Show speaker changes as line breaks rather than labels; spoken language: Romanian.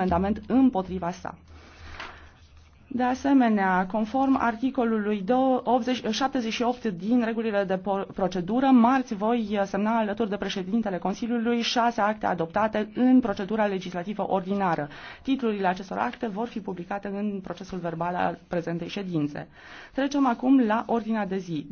amendament împotriva sa. De asemenea, conform articolului 78 din regulile de procedură, marți voi semna alături de președintele Consiliului șase acte adoptate în procedura legislativă ordinară. Titlurile acestor acte vor fi publicate în procesul verbal al prezentei ședințe.
Trecem acum la ordinea de zi.